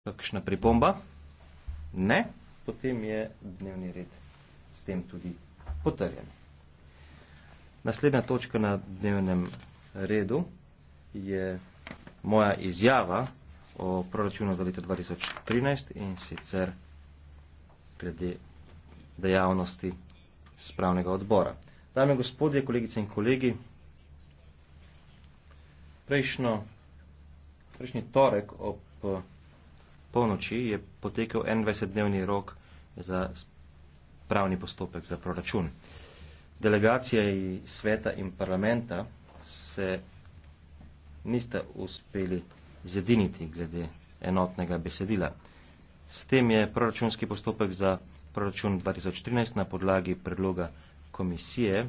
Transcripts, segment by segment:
Kakšna pripomba? Ne? Potem je dnevni red s tem tudi potrjen. Naslednja točka na dnevnem redu je moja izjava o proračunu za leto 2013 in sicer glede dejavnosti spravnega odbora. Dame gospodje, kolegice in kolegi, prejšnjo, prejšnji torek ob polnoči je potekel 21-dnevni rok za pravni postopek za proračun. Delegacija sveta in parlamenta se nista uspeli zediniti glede enotnega besedila. S tem je proračunski postopek za proračun 2013 na podlagi predloga komisije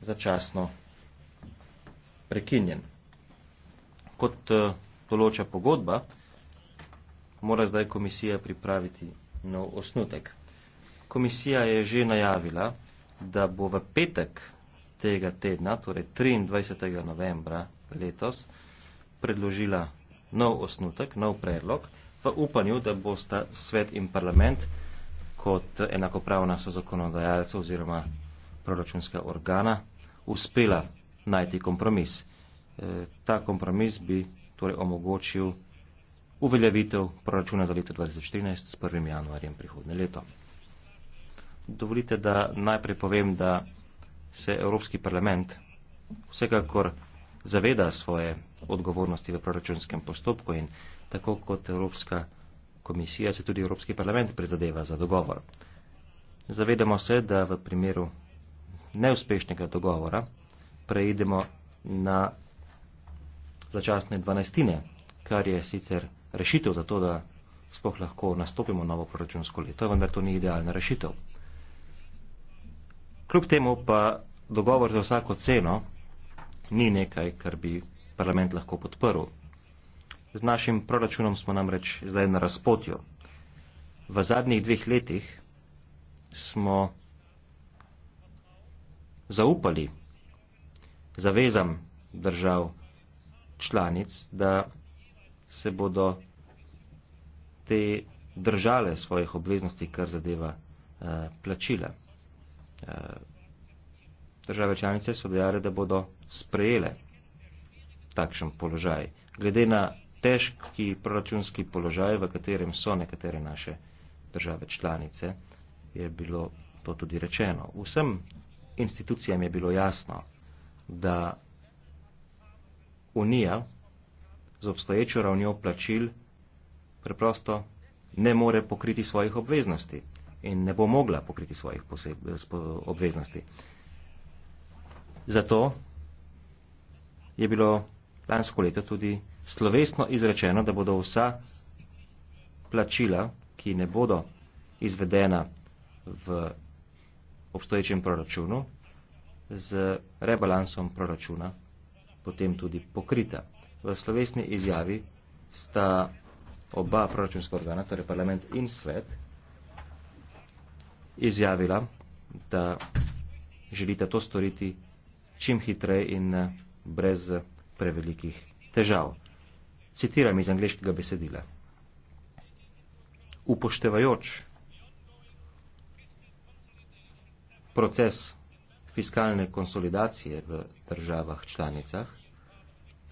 začasno prekinjen. Kot eh, določa pogodba, mora zdaj komisija pripraviti nov osnutek. Komisija je že najavila, da bo v petek tega tedna, torej 23. novembra letos, predložila nov osnutek, nov predlog, v upanju, da bosta svet in parlament kot enakopravna so zakonodajalca oziroma proračunska organa uspela najti kompromis. E, ta kompromis bi torej omogočil uveljavitev proračuna za leto 2014 s 1. januarjem prihodne leto. Dovolite, da najprej povem, da se Evropski parlament vsekakor zaveda svoje odgovornosti v proračunskem postopku in tako kot Evropska komisija se tudi Evropski parlament prizadeva za dogovor. Zavedamo se, da v primeru neuspešnega dogovora preidemo na začasne dvanajstine, kar je sicer rešitev za to, da sploh lahko nastopimo novo proračunsko leto, vendar to ni idealna rešitev. Kljub temu pa dogovor za vsako ceno ni nekaj, kar bi parlament lahko podprl. Z našim proračunom smo namreč zdaj na razpotju. V zadnjih dveh letih smo zaupali zavezam držav članic, da se bodo te držale svojih obveznosti, kar zadeva eh, plačila. Eh, države članice so dejale, da bodo sprejele takšen položaj. Glede na težki proračunski položaj, v katerem so nekatere naše države članice, je bilo to tudi rečeno. Vsem institucijam je bilo jasno, da Unija, z obstoječo ravnjo plačil preprosto ne more pokriti svojih obveznosti in ne bo mogla pokriti svojih poseb, obveznosti. Zato je bilo lansko leto tudi slovesno izrečeno, da bodo vsa plačila, ki ne bodo izvedena v obstoječem proračunu, z rebalansom proračuna potem tudi pokrita. V slovesni izjavi sta oba proračunska organa, torej parlament in svet, izjavila, da želite to storiti čim hitreje in eh, brez prevelikih težav. Citiram iz angliškega besedila. Upoštevajoč proces fiskalne konsolidacije v državah članicah,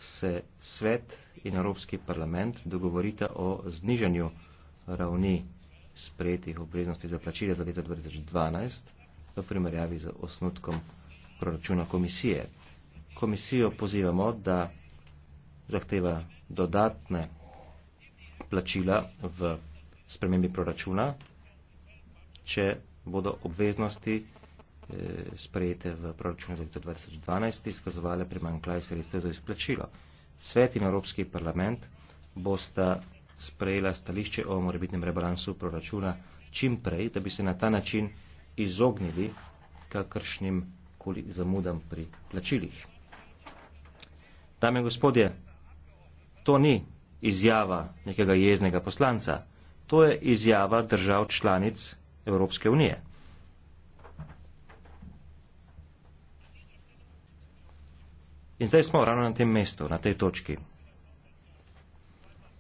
se svet in Evropski parlament dogovorita o znižanju ravni sprejetih obveznosti za plačila za leto 2012 v primerjavi z osnutkom proračuna komisije. Komisijo pozivamo, da zahteva dodatne plačila v spremembi proračuna, če bodo obveznosti Eh, sprejete v proračunu za leto 2012, izkazovale premanjkljaj sredstev za izplačilo. Svet in Evropski parlament bosta sprejela stališče o morebitnem rebalansu proračuna čim prej, da bi se na ta način izognili kakršnim koli zamudam pri plačilih. Dame in gospodje, to ni izjava nekega jeznega poslanca, to je izjava držav članic Evropske unije. In zdaj smo ravno na tem mestu, na tej točki.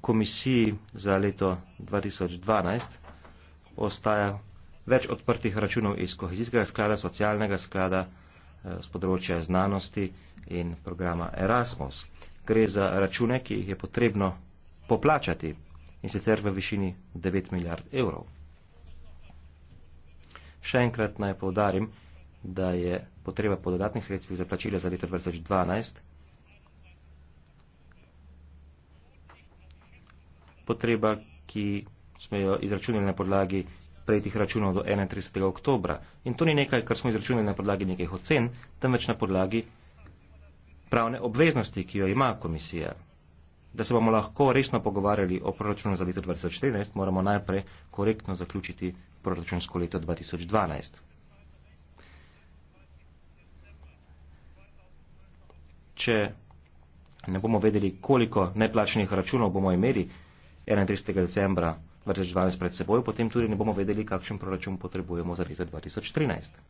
Komisiji za leto 2012 ostaja več odprtih računov iz kohezijskega sklada, socialnega sklada z eh, področja znanosti in programa Erasmus. Gre za račune, ki jih je potrebno poplačati in sicer v višini 9 milijard evrov. Še enkrat naj povdarim, da je potreba po dodatnih sredstvih za plačila za leto 2012 potreba, ki smo jo izračunali na podlagi prejetih računov do 31. oktobra. In to ni nekaj, kar smo izračunali na podlagi nekih ocen, temveč na podlagi pravne obveznosti, ki jo ima komisija. Da se bomo lahko resno pogovarjali o proračunu za leto 2014, moramo najprej korektno zaključiti proračunsko leto 2012. če ne bomo vedeli, koliko neplačenih računov bomo imeli 31. decembra 2012 pred seboj, potem tudi ne bomo vedeli, kakšen proračun potrebujemo za leto 2013.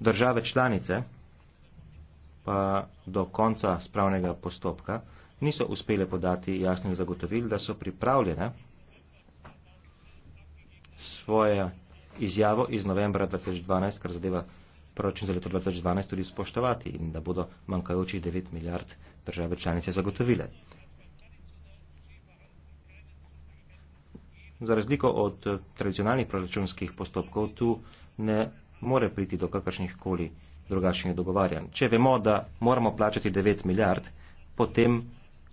Države članice pa do konca spravnega postopka niso uspele podati jasnih zagotovil, da so pripravljene svojo izjavo iz novembra 2012, kar zadeva proračun za leto 2012 tudi spoštovati in da bodo manjkajočih 9 milijard države članice zagotovile. Za razliko od tradicionalnih proračunskih postopkov, tu ne more priti do kakršnih koli drugačnih dogovarjanj. Če vemo, da moramo plačati 9 milijard, potem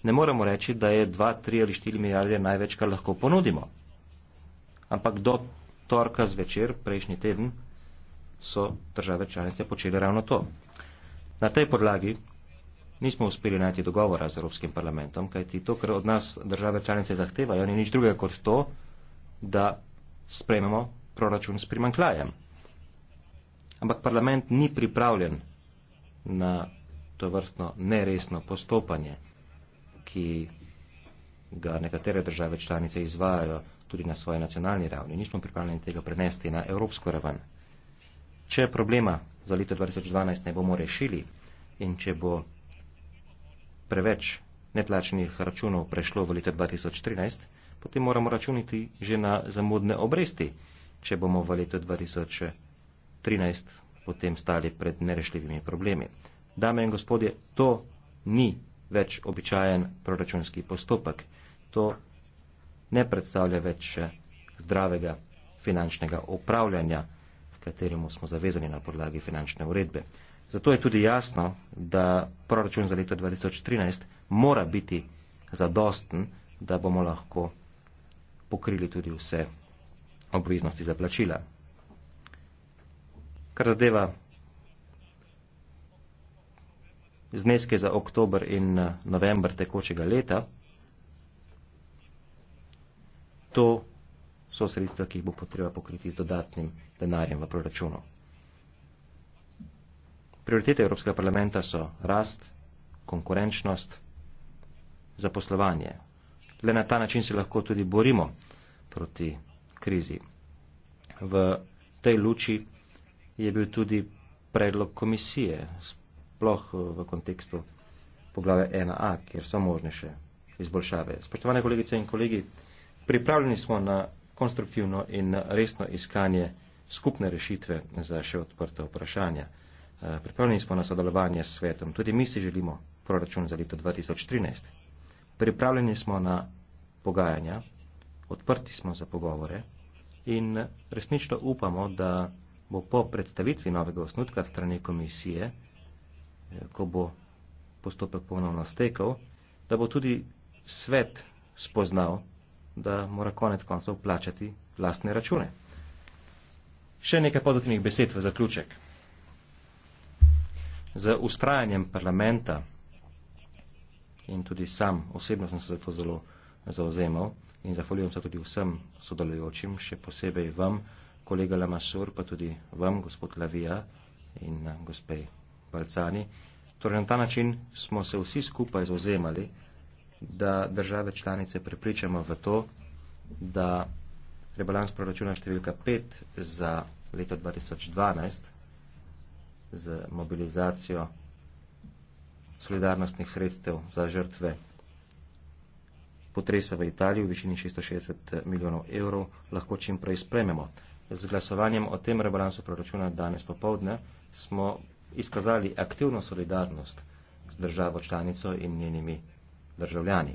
ne moremo reči, da je 2, 3 ali 4 milijarde največ, kar lahko ponudimo. Ampak do torka zvečer, prejšnji teden, so države članice počele ravno to. Na tej podlagi nismo uspeli najti dogovora z Evropskim parlamentom, kajti to, kar od nas države članice zahtevajo, ni nič drugega kot to, da sprejmemo proračun s primanklajem. Ampak parlament ni pripravljen na to vrstno neresno postopanje, ki ga nekatere države članice izvajajo tudi na svoji nacionalni ravni. Nismo pripravljeni tega prenesti na evropsko ravno. Če problema za leto 2012 ne bomo rešili in če bo preveč neplačnih računov prešlo v leto 2013, potem moramo računiti že na zamudne obresti, če bomo v letu 2013 potem stali pred nerešljivimi problemi. Dame in gospodje, to ni več običajen proračunski postopek. To ne predstavlja več eh, zdravega finančnega upravljanja kateremu smo zavezani na podlagi finančne uredbe. Zato je tudi jasno, da proračun za leto 2013 mora biti zadosten, da bomo lahko pokrili tudi vse obveznosti za plačila. Kar zadeva zneske za oktober in november tekočega leta, to so sredstva, ki jih bo potreba pokriti z dodatnim denarjem v proračunu. Prioritete Evropskega parlamenta so rast, konkurenčnost, zaposlovanje. Le na ta način se lahko tudi borimo proti krizi. V tej luči je bil tudi predlog komisije, sploh v kontekstu poglave 1a, kjer so možne še izboljšave. Spoštovane kolegice in kolegi, pripravljeni smo na konstruktivno in resno iskanje skupne rešitve za še odprte vprašanja. Eh, pripravljeni smo na sodelovanje s svetom. Tudi mi si želimo proračun za leto 2013. Pripravljeni smo na pogajanja, odprti smo za pogovore in resnično upamo, da bo po predstavitvi novega osnutka strani komisije, eh, ko bo postopek ponovno stekel, da bo tudi svet spoznal da mora konec koncev plačati lastne račune. Še nekaj pozitivnih besed v zaključek. Z ustrajanjem parlamenta in tudi sam osebno sem se za to zelo zauzemal in zahvaljujem se tudi vsem sodelujočim, še posebej vam, kolega Lamasur, pa tudi vam, gospod Lavija in eh, gospej Balcani. Torej na ta način smo se vsi skupaj zauzemali, da države članice prepričamo v to, da rebalans proračuna številka 5 za leto 2012 z mobilizacijo solidarnostnih sredstev za žrtve potresa v Italiji v višini 660 milijonov evrov lahko čim prej sprememo. Z glasovanjem o tem rebalansu proračuna danes popovdne smo izkazali aktivno solidarnost z državo članico in njenimi državljani.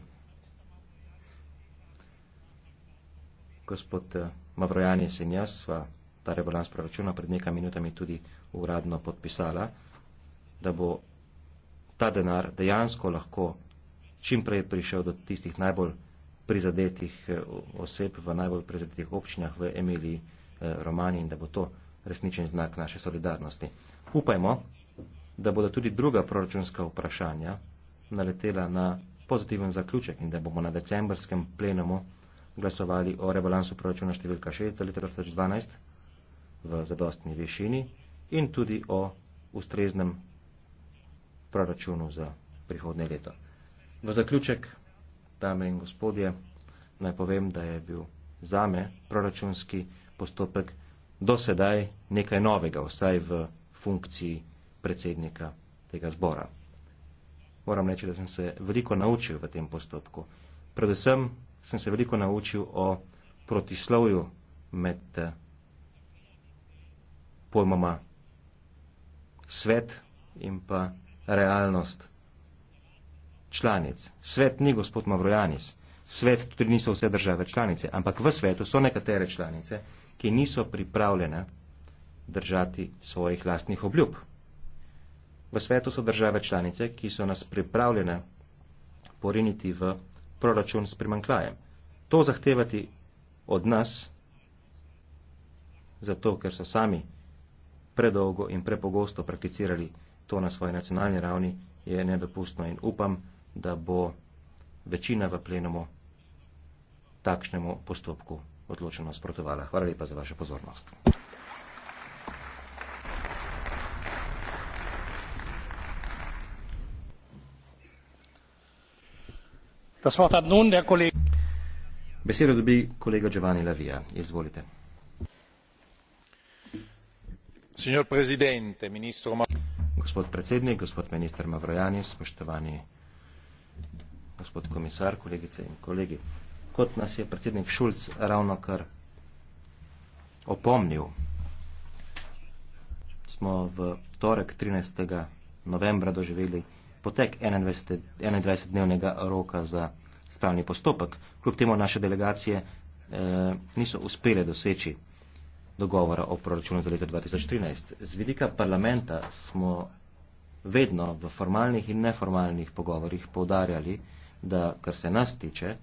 Gospod eh, Mavrojani sem jaz, sva ta rebalans proračuna pred nekaj minutami tudi uradno podpisala, da bo ta denar dejansko lahko čim prej prišel do tistih najbolj prizadetih eh, oseb v najbolj prizadetih občinah v Emiliji eh, Romani in da bo to resničen znak naše solidarnosti. Upajmo, da bodo tudi druga proračunska vprašanja naletela na pozitiven zaključek in da bomo na decembrskem plenumu glasovali o rebalansu proračuna številka 6 za leto 2012 v zadostni višini in tudi o ustreznem proračunu za prihodne leto. V zaključek, dame in gospodje, naj povem, da je bil zame proračunski postopek do sedaj nekaj novega, vsaj v funkciji predsednika tega zbora moram reči, da sem se veliko naučil v tem postopku. Predvsem sem se veliko naučil o protislovju med eh, pojmoma svet in pa realnost članic. Svet ni gospod Mavrojanis, svet tudi niso vse države članice, ampak v svetu so nekatere članice, ki niso pripravljene držati svojih lastnih obljub. V svetu so države članice, ki so nas pripravljene poriniti v proračun s primanklajem. To zahtevati od nas, zato ker so sami predolgo in prepogosto prakticirali to na svoji nacionalni ravni, je nedopustno in upam, da bo večina v plenumu takšnemu postopku odločeno sprotovala. Hvala lepa za vašo pozornost. Besedo dobi kolega Giovanni La Via. Izvolite. Gospod predsednik, gospod minister Mavrojanis, spoštovani gospod komisar, kolegice in kolegi. Kot nas je predsednik Šulc ravno kar opomnil, smo v torek 13. novembra doživeli potek 21-dnevnega 21 roka za stavni postopek. Kljub temu naše delegacije eh, niso uspele doseči dogovora o proračunu za leto 2013. Z vidika parlamenta smo vedno v formalnih in neformalnih pogovorih poudarjali, da, kar se nas tiče,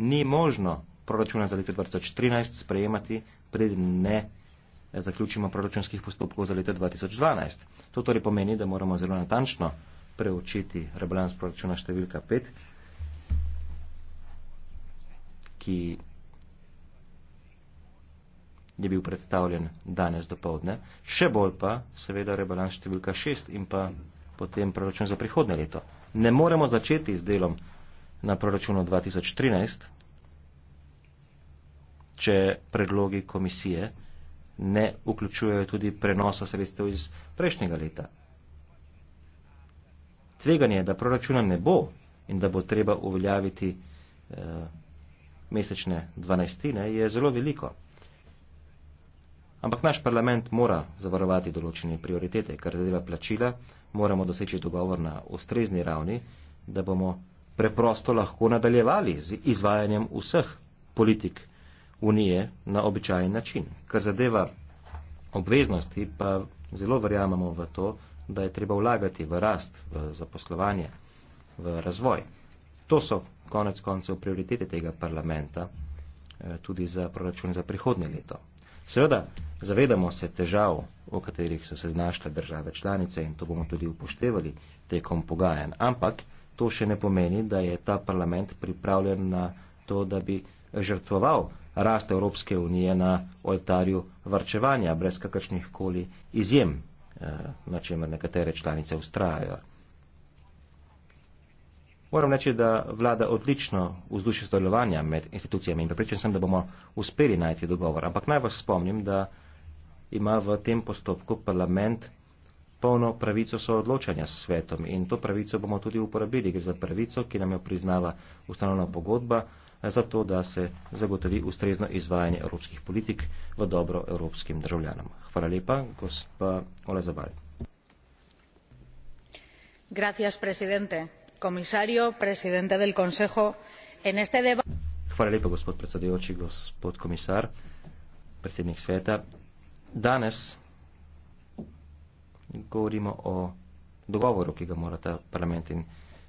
ni možno proračuna za leto 2013 sprejemati pred ne eh, zaključimo proračunskih postopkov za leto 2012. To torej pomeni, da moramo zelo natančno preučiti rebalans proračuna številka 5, ki je bil predstavljen danes do povdne, še bolj pa seveda rebalans številka 6 in pa potem proračun za prihodne leto. Ne moremo začeti z delom na proračunu 2013, če predlogi komisije ne vključujejo tudi prenosa sredstev iz prejšnjega leta tveganje, da proračuna ne bo in da bo treba uveljaviti eh, mesečne dvanajstine, je zelo veliko. Ampak naš parlament mora zavarovati določene prioritete, kar zadeva plačila, moramo doseči dogovor na ustrezni ravni, da bomo preprosto lahko nadaljevali z izvajanjem vseh politik Unije na običajen način. Kar zadeva obveznosti, pa zelo verjamemo v to, da je treba vlagati v rast, v zaposlovanje, v razvoj. To so konec koncev prioritete tega parlamenta eh, tudi za proračun za prihodnje leto. Seveda, zavedamo se težav, o katerih so se znašle države članice in to bomo tudi upoštevali tekom pogajanj, ampak to še ne pomeni, da je ta parlament pripravljen na to, da bi žrtvoval rast Evropske unije na oltarju varčevanja brez kakršnih koli izjem. Eh, na čemer nekatere članice ustrajajo. Moram reči, da vlada odlično vzdušje sodelovanja med institucijami in prepričan sem, da bomo uspeli najti dogovor. Ampak naj vas spomnim, da ima v tem postopku parlament polno pravico soodločanja s svetom in to pravico bomo tudi uporabili. Gre za pravico, ki nam jo priznava ustanovna pogodba zato da se zagotovi ustrezno izvajanje evropskih politik v dobro evropskim državljanom. Hvala lepa, gospa Ola Zabal. Hvala lepa, gospod predsedujoči, gospod komisar, predsednik sveta. Danes govorimo o dogovoru, ki ga morata parlament in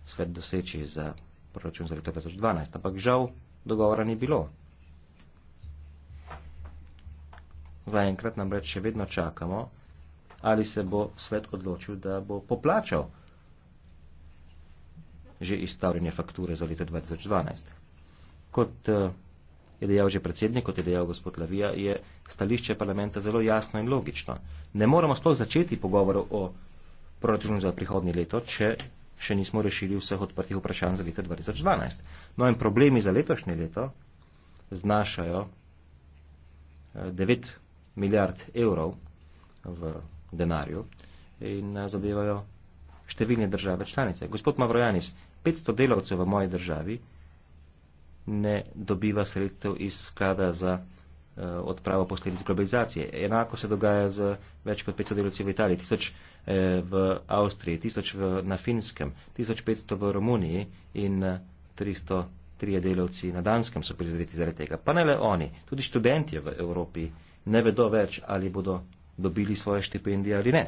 svet doseči za proračun za leto 2012, ampak žal dogovora ni bilo. Zaenkrat namreč še vedno čakamo, ali se bo svet odločil, da bo poplačal že izstavljene fakture za leto 2012. Kot eh, je dejal že predsednik, kot je dejal gospod Lavija, je stališče parlamenta zelo jasno in logično. Ne moremo sploh začeti pogovorov o proračunu za prihodni leto, če še nismo rešili vseh odprtih vprašanj za leto 2012. No in problemi za letošnje leto znašajo 9 eh, milijard evrov v denarju in eh, zadevajo številne države članice. Gospod Mavrojanis, 500 delavcev v moji državi ne dobiva sredstev iz sklada za Eh, odpravo posledic globalizacije. Enako se dogaja z več kot 500 delovci v Italiji, 1000 eh, v Avstriji, 1000 na Finskem, 1500 v Romuniji in 303 eh, delovci na Danskem so prizadeti zaradi tega. Pa ne le oni, tudi študentje v Evropi ne vedo več, ali bodo dobili svoje štipendije ali ne.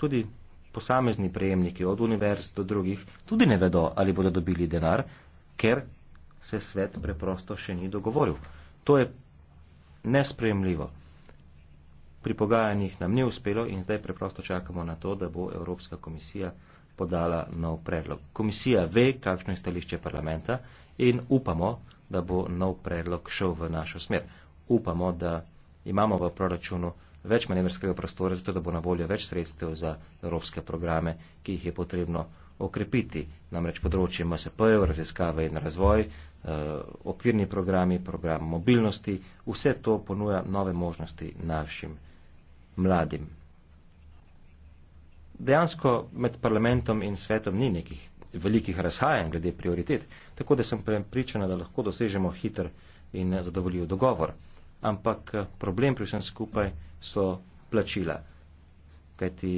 Tudi posamezni prejemniki od univerz do drugih tudi ne vedo, ali bodo dobili denar, ker se svet preprosto še ni dogovoril. To je nesprejemljivo. Pri pogajanjih nam ni uspelo in zdaj preprosto čakamo na to, da bo Evropska komisija podala nov predlog. Komisija ve, kakšno je stališče parlamenta in upamo, da bo nov predlog šel v našo smer. Upamo, da imamo v proračunu več manevrskega prostora, zato da bo na voljo več sredstev za evropske programe, ki jih je potrebno okrepiti. Namreč področje MSP-jev, raziskave in razvoj, Eh, okvirni programi, program mobilnosti, vse to ponuja nove možnosti našim mladim. Dejansko med parlamentom in svetom ni nekih velikih razhajanj glede prioritet, tako da sem pripričana, da lahko dosežemo hiter in zadovoljiv dogovor. Ampak eh, problem pri vsem skupaj so plačila. Kajti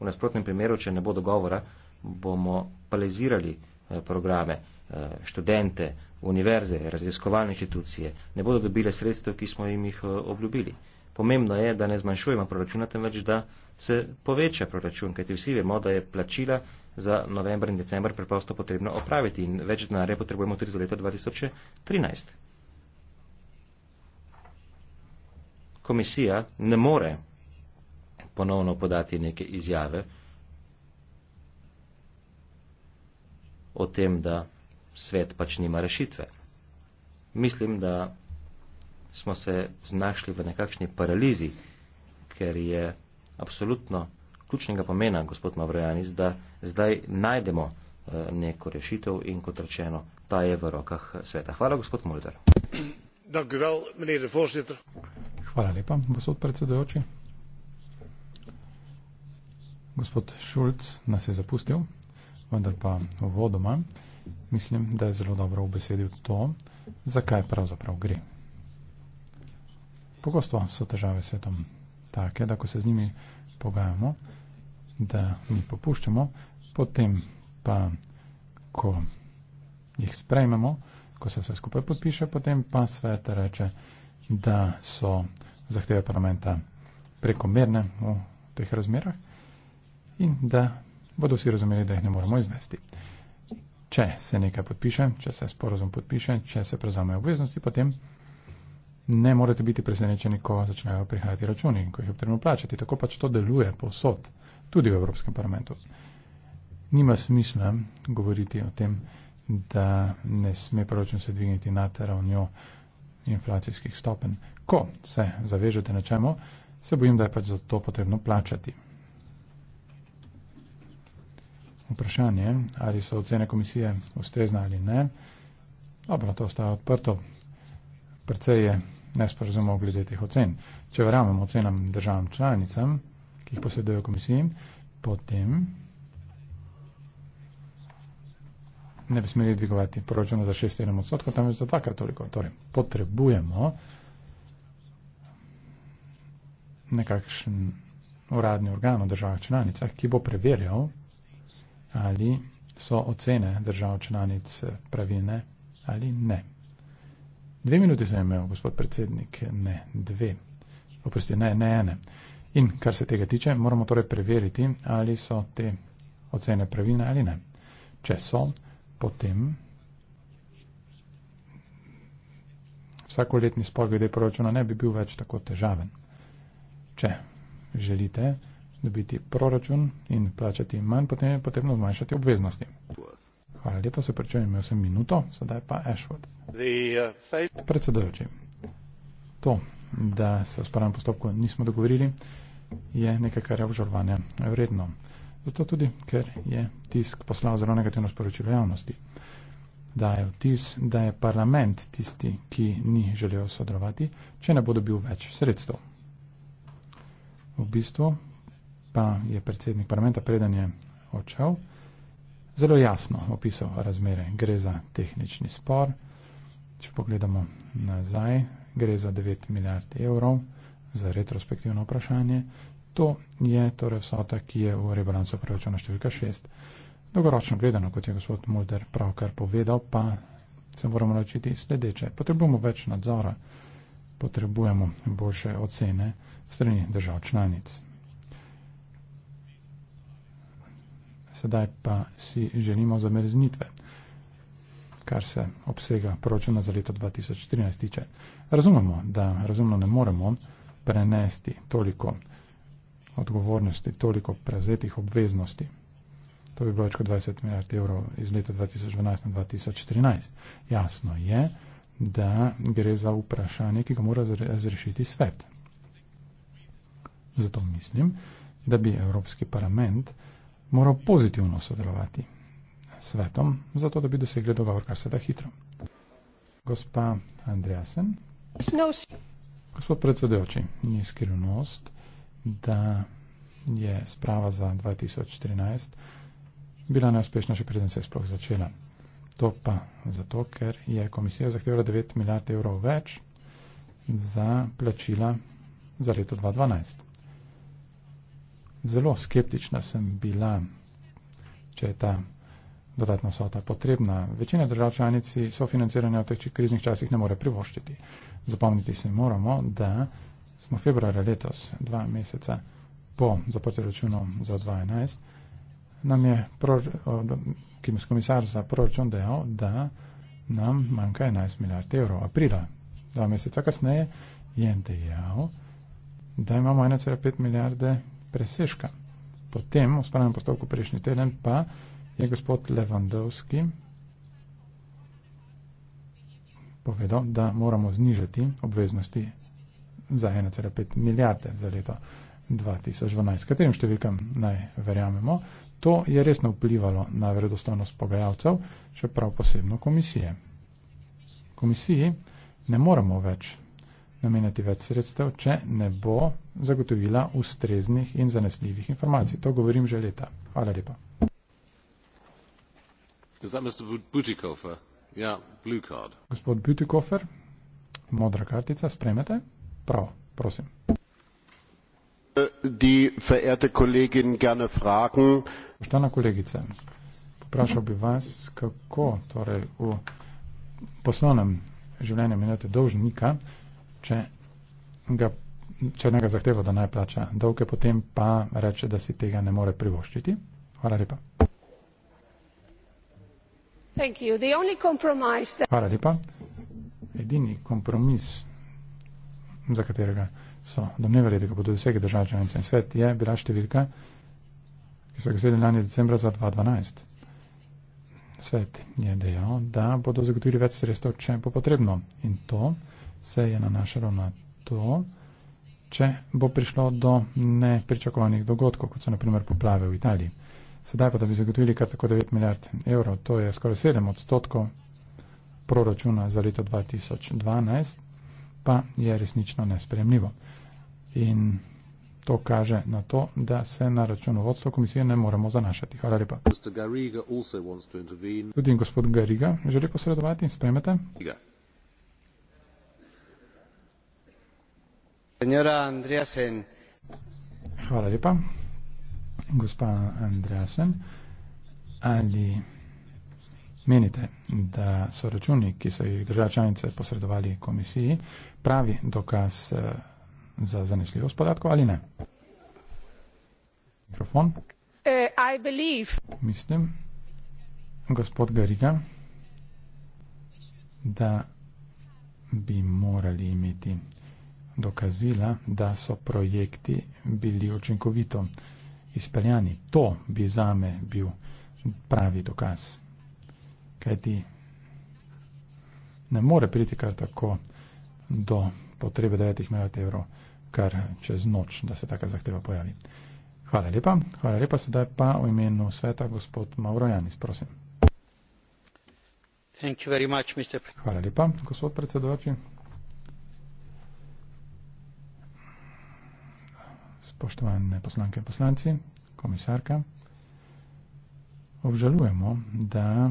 v nasprotnem primeru, če ne bo dogovora, bomo palezirali eh, programe, študente, univerze, raziskovalne inštitucije ne bodo dobile sredstev, ki smo jim jih eh, obljubili. Pomembno je, da ne zmanjšujemo proračuna, temveč da se poveča proračun, kajti vsi vemo, da je plačila za novembr in decembr preprosto potrebno opraviti in več denarja potrebujemo tudi za leto 2013. Komisija ne more ponovno podati neke izjave o tem, da svet pač nima rešitve. Mislim, da smo se znašli v nekakšni paralizi, ker je absolutno ključnega pomena, gospod Mavrojanis, da zdaj najdemo eh, neko rešitev in kot rečeno, ta je v rokah sveta. Hvala, gospod Mulder. Dankjewel, meneer de voorzitter. Hvala lepa, gospod predsedujoči. Gospod Šulc nas je zapustil, vendar pa uvodoma. Uh, mislim, da je zelo dobro obesedil to, zakaj pravzaprav gre. Pogosto so težave s svetom take, da ko se z njimi pogajamo, da mi popuščamo, potem pa, ko jih sprejmemo, ko se vse skupaj podpiše, potem pa svet reče, da so zahteve parlamenta prekomerne v teh razmerah in da bodo vsi razumeli, da jih ne moremo izvesti. Če se nekaj podpiše, če se sporozum podpiše, če se prezamejo obveznosti, potem ne morete biti presenečeni, ko začnejo prihajati računi in ko jih je potrebno plačati. Tako pač to deluje posod, tudi v Evropskem parlamentu. Nima smisla govoriti o tem, da ne sme proračun se dvigniti nad ravnjo inflacijskih stopenj. Ko se zavežete na čemu, se bojim, da je pač za to potrebno plačati. vprašanje, ali so ocene komisije ustrezne ali ne. Dobro, to ostaja odprto. Predvsej je nesporazumov glede teh ocen. Če verjamemo ocenam državam članicam, ki jih posredujejo komisiji, potem ne bi smeli dvigovati proračuna za 6-7 odstotkov, tam je za dvakrat toliko. Torej, potrebujemo nekakšen uradni organ v državah članicah, ki bo preverjal ali so ocene držav članic eh, pravilne ali ne. Dve minuti sem imel, gospod predsednik, ne dve. Oprosti, ne, ne ene. In kar se tega tiče, moramo torej preveriti, ali so te ocene pravilne ali ne. Če so, potem vsakoletni spor glede proračuna ne bi bil več tako težaven. Če želite, dobiti proračun in plačati manj, potem je potrebno zmanjšati obveznosti. Hvala lepa, se pričujem, imel sem minuto, sedaj pa Ashford. Uh, Predsedujoči, to, da se v spravnem postopku nismo dogovorili, je nekaj, kar je obžalovanja vredno. Zato tudi, ker je tisk poslal zelo negativno sporočilo javnosti. Dajo tis, da je parlament tisti, ki ni želel sodelovati, če ne bo dobil več sredstev. V bistvu pa je predsednik parlamenta, preden je odšel, zelo jasno opisal razmere. Gre za tehnični spor. Če pogledamo nazaj, gre za 9 milijard evrov za retrospektivno vprašanje. To je torej vsota, ki je v rebalansu proračuna številka 6. Dolgoročno gledano, kot je gospod Mulder pravkar povedal, pa se moramo naučiti sledeče. Potrebujemo več nadzora, potrebujemo boljše ocene strani držav članic. sedaj pa si želimo zamrznitve, kar se obsega proračuna za leto 2013 tiče. Razumemo, da razumno ne moremo prenesti toliko odgovornosti, toliko prevzetih obveznosti. To bi bilo več kot 20 milijard evrov iz leta 2012 na 2013. Jasno je, da gre za vprašanje, ki ga mora razrešiti svet. Zato mislim, da bi Evropski parlament moral pozitivno sodelovati s svetom, zato da bi dosegli dogovor kar se da hitro. Gospa Andreasen. Gospod predsedujoči, ni skrivnost, da je sprava za 2013 bila neuspešna še preden se je sploh začela. To pa zato, ker je komisija zahtevala 9 milijard evrov več za plačila za leto 2012 zelo skeptična sem bila, če je ta dodatna sota potrebna. Večina držav članici sofinanciranja v teh kriznih časih ne more privoščiti. Zapomniti se moramo, da smo februarja letos, dva meseca po zaprti računom za 2012, nam je kimsko komisar za proračun dejal, da nam manjka 11 milijard evrov. Aprila, dva meseca kasneje, je dejal, da imamo 1,5 milijarde presežka. Potem, v spravnem postopku prejšnji teden, pa je gospod Levandovski povedal, da moramo znižati obveznosti za 1,5 milijarde za leto 2012. Katerim številkam naj verjamemo? To je resno vplivalo na verodostojnost pogajalcev, še prav posebno komisije. Komisiji ne moremo več namenjati več sredstev, če ne bo zagotovila ustreznih in zanesljivih informacij. To govorim že leta. Hvala lepa. Gospod Butikofer, modra kartica, spremete? Prav, prosim. Äh, Poštovana kolegica, vprašal bi vas, kako torej, v poslovnem življenju menjate dolžnika, če ga če njega zahteva, da naj plača dolge, potem pa reče, da si tega ne more privoščiti. Hvala lepa. Hvala lepa. Edini kompromis, za katerega so domnevali, da ga bodo dosegli države članice in svet, je bila številka, ki so ga sedeli lani decembra za 2012. Svet je dejal, da bodo zagotovili več sredstev, če bo potrebno. In to se je nanašalo na to, če bo prišlo do nepričakovanih dogodkov, kot so naprimer poplave v Italiji. Sedaj pa, da bi zagotovili kar tako 9 milijard evrov, to je skoraj 7 odstotkov proračuna za leto 2012, pa je resnično nespremljivo. In to kaže na to, da se na računu vodstva komisije ne moremo zanašati. Hvala lepa. Tudi gospod Gariga želi posredovati in spremete. Yeah. Hvala lepa. Gospa Andreasen, ali menite, da so računi, ki so jih države članice posredovali komisiji, pravi dokaz eh, za zanesljivost podatkov ali ne? Mikrofon. Eh, Mislim, gospod Gariga, da bi morali imeti dokazila, da so projekti bili učinkovito izpeljani. To bi zame bil pravi dokaz. Kajti ne more priti kar tako do potrebe 9 milijard evrov, kar čez noč, da se taka zahteva pojavi. Hvala lepa. Hvala lepa. Sedaj pa v imenu sveta gospod Mauro Janis, prosim. Much, Hvala lepa, gospod predsedujoči. spoštovane poslanke in poslanci, komisarka. Obžalujemo, da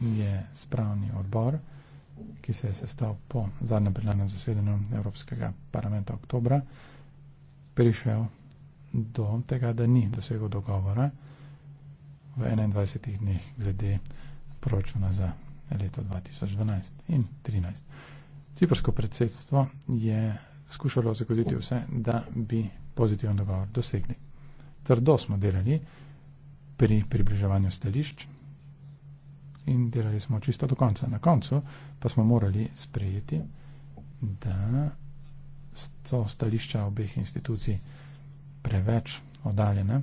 je spravni odbor, ki se je sestal po zadnjem plenarnem zasedanju Evropskega parlamenta oktobra, prišel do tega, da ni dosegel dogovora v 21 dneh glede proračuna za leto 2012 in 2013. Ciprsko predsedstvo je skušalo zagoditi vse, da bi pozitiven dogovor dosegli. Trdo smo delali pri približevanju stališč in delali smo čisto do konca. Na koncu pa smo morali sprejeti, da so stališča obeh institucij preveč oddaljena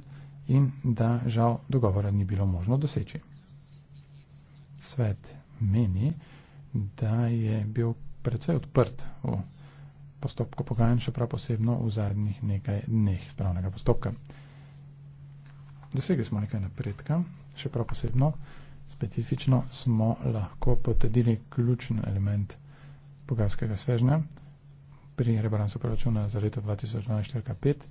in da žal dogovora ni bilo možno doseči. Svet meni, da je bil predvsej odprt v postopku pogajanj, še prav posebno v zadnjih nekaj dneh spravnega postopka. Dosegli smo nekaj napredka, še prav posebno, specifično smo lahko potrdili ključen element pogajalskega svežnja pri rebalansu proračuna za leto 2024-2025,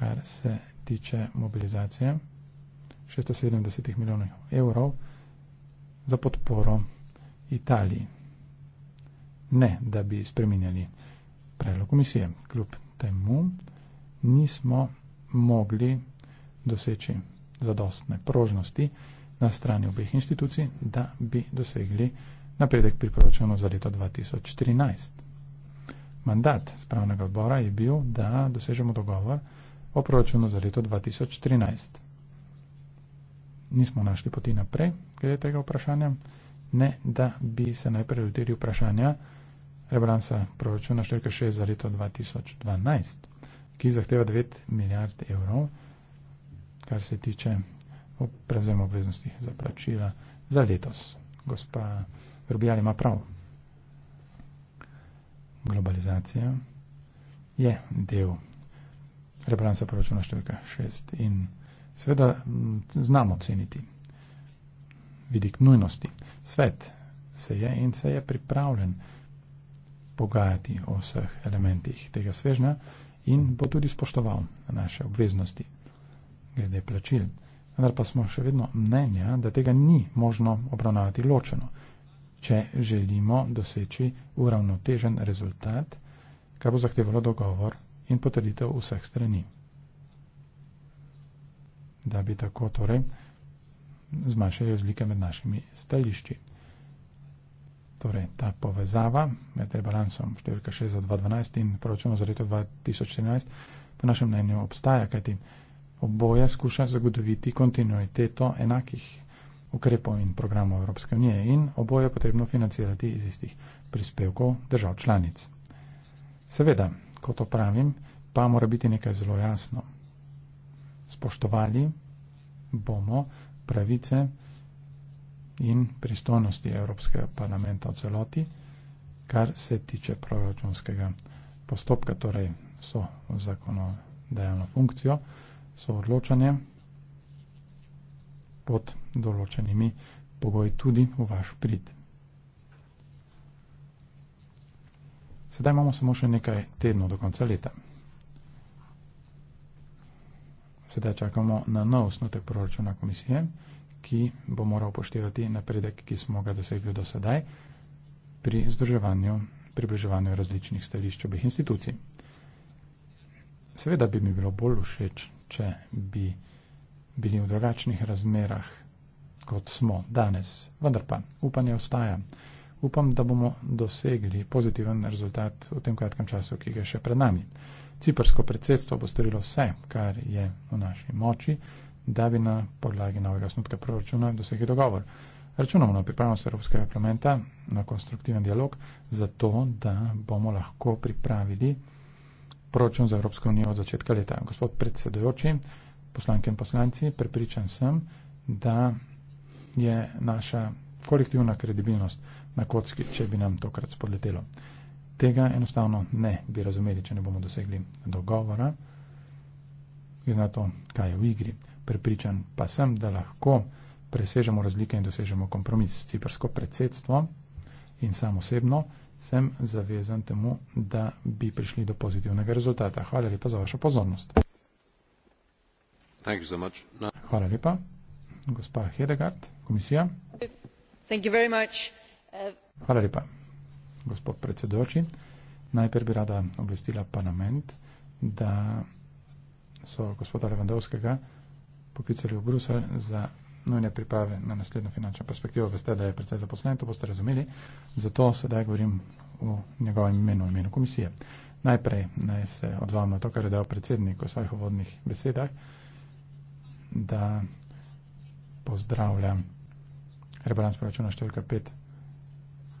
kar se tiče mobilizacije 670 milijonov evrov za podporo Italiji. Ne, da bi spreminjali predlog komisije. Kljub temu nismo mogli doseči zadostne prožnosti na strani obeh institucij, da bi dosegli napredek pri proračunu za leto 2013. Mandat spravnega odbora je bil, da dosežemo dogovor o proračunu za leto 2013. Nismo našli poti naprej glede tega vprašanja, ne da bi se najprej lotili vprašanja, rebalansa proračuna številka 6 za leto 2012, ki zahteva 9 milijard evrov, kar se tiče prevzema obveznosti za plačila za letos. Gospa Rubijal ima prav. Globalizacija je del rebalansa proračuna številka 6 in seveda mm, znamo ceniti vidik nujnosti. Svet se je in se je pripravljen pogajati o vseh elementih tega svežnja in bo tudi spoštoval naše obveznosti glede plačil. Vendar pa smo še vedno mnenja, da tega ni možno obravnavati ločeno, če želimo doseči uravnotežen rezultat, kar bo zahtevalo dogovor in potrditev vseh strani. Da bi tako torej zmanjšali razlike med našimi stališči. Torej, ta povezava med rebalansom številka 6212 in proračunom za leto 2014 po našem mnenju obstaja, kajti oboje skuša zagotoviti kontinuiteto enakih ukrepov in programov Evropske unije in oboje je potrebno financirati iz istih prispevkov držav članic. Seveda, ko to pravim, pa mora biti nekaj zelo jasno. Spoštovali bomo pravice, in pristojnosti Evropskega parlamenta v celoti, kar se tiče proračunskega postopka, torej so v zakonodajalno funkcijo, so odločanje pod določenimi pogoji tudi v vaš prid. Sedaj imamo samo še nekaj tednov do konca leta. Sedaj čakamo na nov osnutek proračuna komisije, ki bo moral upoštevati napredek, ki smo ga dosegli do sedaj pri združevanju, približevanju različnih stališč obih institucij. Seveda bi mi bilo bolj všeč, če bi bili v drugačnih razmerah, kot smo danes, vendar pa upanje ostaja. Upam, da bomo dosegli pozitiven rezultat v tem kratkem času, ki ga je še pred nami. Ciprsko predsedstvo bo storilo vse, kar je v naši moči, da bi na podlagi novega osnutka proračuna dosegli dogovor. Računamo na pripravnost Evropskega parlamenta na konstruktiven dialog, zato da bomo lahko pripravili proračun za Evropsko unijo od začetka leta. Gospod predsedujoči, poslanke in poslanci, prepričan sem, da je naša kolektivna kredibilnost na kocki, če bi nam tokrat spodletelo. Tega enostavno ne bi razumeli, če ne bomo dosegli dogovora. Glede na to, kaj je v igri prepričan pa sem, da lahko presežemo razlike in dosežemo kompromis s ciprsko predsedstvo in sam osebno sem zavezan temu, da bi prišli do pozitivnega rezultata. Hvala lepa za vašo pozornost. So no. Hvala lepa. Gospa Hedegard, komisija. Hvala lepa, gospod predsedoči. Najprej bi rada obvestila parlament, da so gospoda Levandovskega poklicali v Bruselj za nujne priprave na naslednjo finančno perspektivo. Veste, da je predvsej zaposlen, to boste razumeli. Zato sedaj govorim v njegovem imenu, v imenu komisije. Najprej naj se odzvam na to, kar je dal predsednik v svojih uvodnih besedah, da pozdravljam rebalans proračuna številka 5.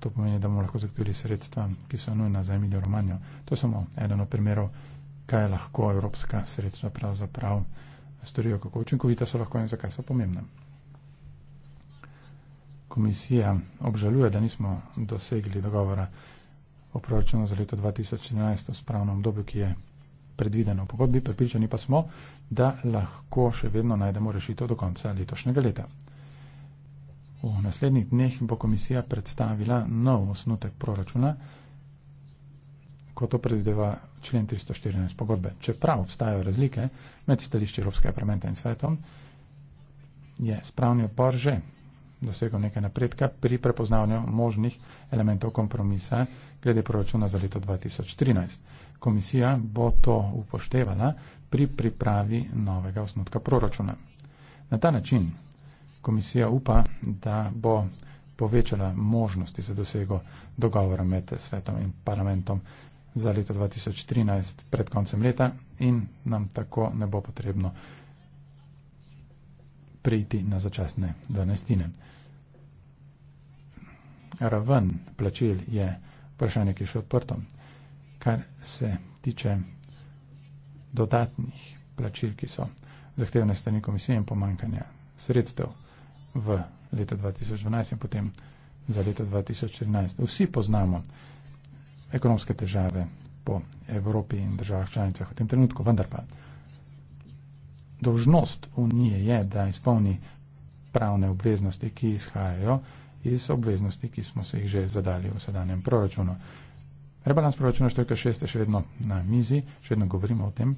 To pomeni, da bomo lahko zagotovili sredstva, ki so nujna za Emilijo Romanjo. To je samo eden od primerov, kaj lahko evropska sredstva pravzaprav prav storijo, kako učinkovita so lahko in zakaj so pomembne. Komisija obžaluje, da nismo dosegli dogovora o proračunu za leto 2013 v spravnem obdobju, ki je predvideno v pogodbi, pripričani pa smo, da lahko še vedno najdemo rešitev do konca letošnjega leta. V naslednjih dneh bo komisija predstavila nov osnutek proračuna kot to predvideva člen 314 pogodbe. Čeprav obstajajo razlike med stališči Evropskega parlamenta in svetom, je spravni opor že dosegel nekaj napredka pri prepoznavanju možnih elementov kompromisa glede proračuna za leto 2013. Komisija bo to upoštevala pri pripravi novega osnutka proračuna. Na ta način komisija upa, da bo povečala možnosti za dosego dogovora med svetom in parlamentom za leto 2013 pred koncem leta in nam tako ne bo potrebno prijeti na začasne danestine. Raven plačil je vprašanje, ki je še odprto. Kar se tiče dodatnih plačil, ki so zahtevne strani komisije in pomankanja sredstev v letu 2012 in potem za leto 2014. Vsi poznamo ekonomske težave po Evropi in državah članicah v tem trenutku. Vendar pa dožnost Unije je, da izpolni pravne obveznosti, ki izhajajo iz obveznosti, ki smo se jih že zadali v sedanjem proračunu. Rebalans proračuna številka 6 je še vedno na mizi, še vedno govorimo o tem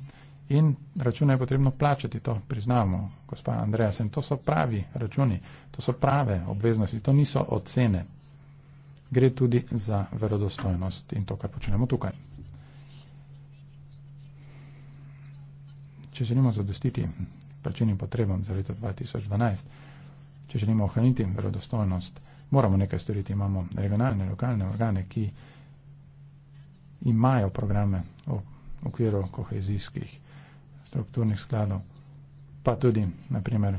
in račune je potrebno plačati, to priznamo, gospa Andreja, in to so pravi računi, to so prave obveznosti, to niso ocene, gre tudi za verodostojnost in to, kar počnemo tukaj. Če želimo zadostiti plačenim potrebam za leto 2012, če želimo ohraniti verodostojnost, moramo nekaj storiti. Imamo regionalne, lokalne organe, ki imajo programe v okviru kohezijskih strukturnih skladov, pa tudi, naprimer,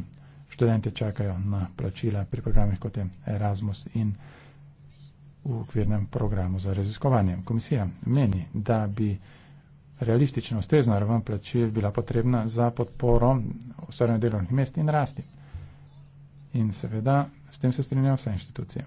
študente čakajo na plačila pri programih kot je Erasmus in Erasmus v okvirnem programu za raziskovanje. Komisija meni, da bi realistično ustrezna raven plačil bila potrebna za podporo ustvarjanja delovnih mest in rasti. In seveda s tem se strinjajo vse inštitucije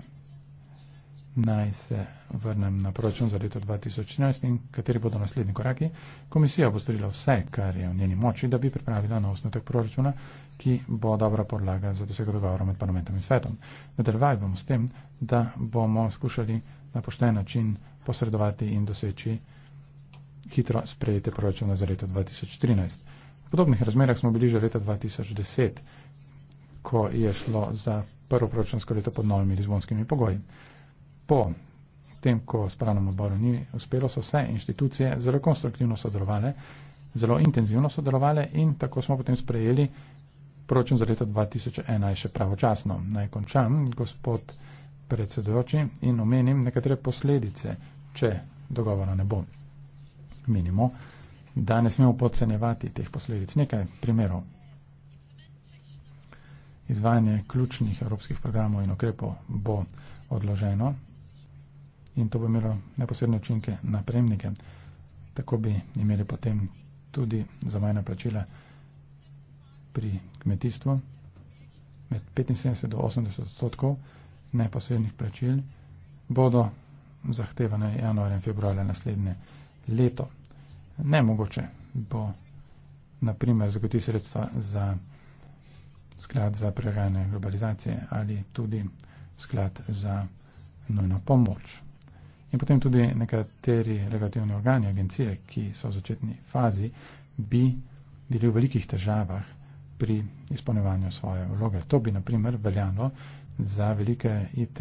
naj se vrnem na proračun za leto 2013 in kateri bodo naslednji koraki. Komisija bo storila vse, kar je v njeni moči, da bi pripravila nov osnutek proračuna, ki bo dobra podlaga za dosego dogovora med parlamentom in svetom. Nadaljevali bomo s tem, da bomo skušali na pošten način posredovati in doseči hitro sprejete proračuna za leto 2013. V podobnih razmerah smo bili že leta 2010, ko je šlo za prvo proračunsko leto pod novimi lizbonskimi pogoji po tem, ko spravnemu odboru ni uspelo, so vse inštitucije zelo konstruktivno sodelovale, zelo intenzivno sodelovale in tako smo potem sprejeli proračun za leto 2011 še pravočasno. Naj končam, gospod predsedujoči, in omenim nekatere posledice, če dogovora ne bo. Menimo, da ne smemo podcenevati teh posledic. Nekaj primerov. Izvajanje ključnih evropskih programov in okrepov bo odloženo in to bo imelo neposredne učinke na prejemnike. Tako bi imeli potem tudi za manjna plačila pri kmetijstvu med 75 do 80 odstotkov neposrednih plačil bodo zahtevane januarja in februarja naslednje leto. Nemogoče bo naprimer zagoti sredstva za sklad za prehranje globalizacije ali tudi sklad za nujno pomoč in potem tudi nekateri regulativni organi agencije, ki so v začetni fazi, bi bili v velikih težavah pri izpolnjevanju svoje vloge. To bi naprimer veljalo za velike IT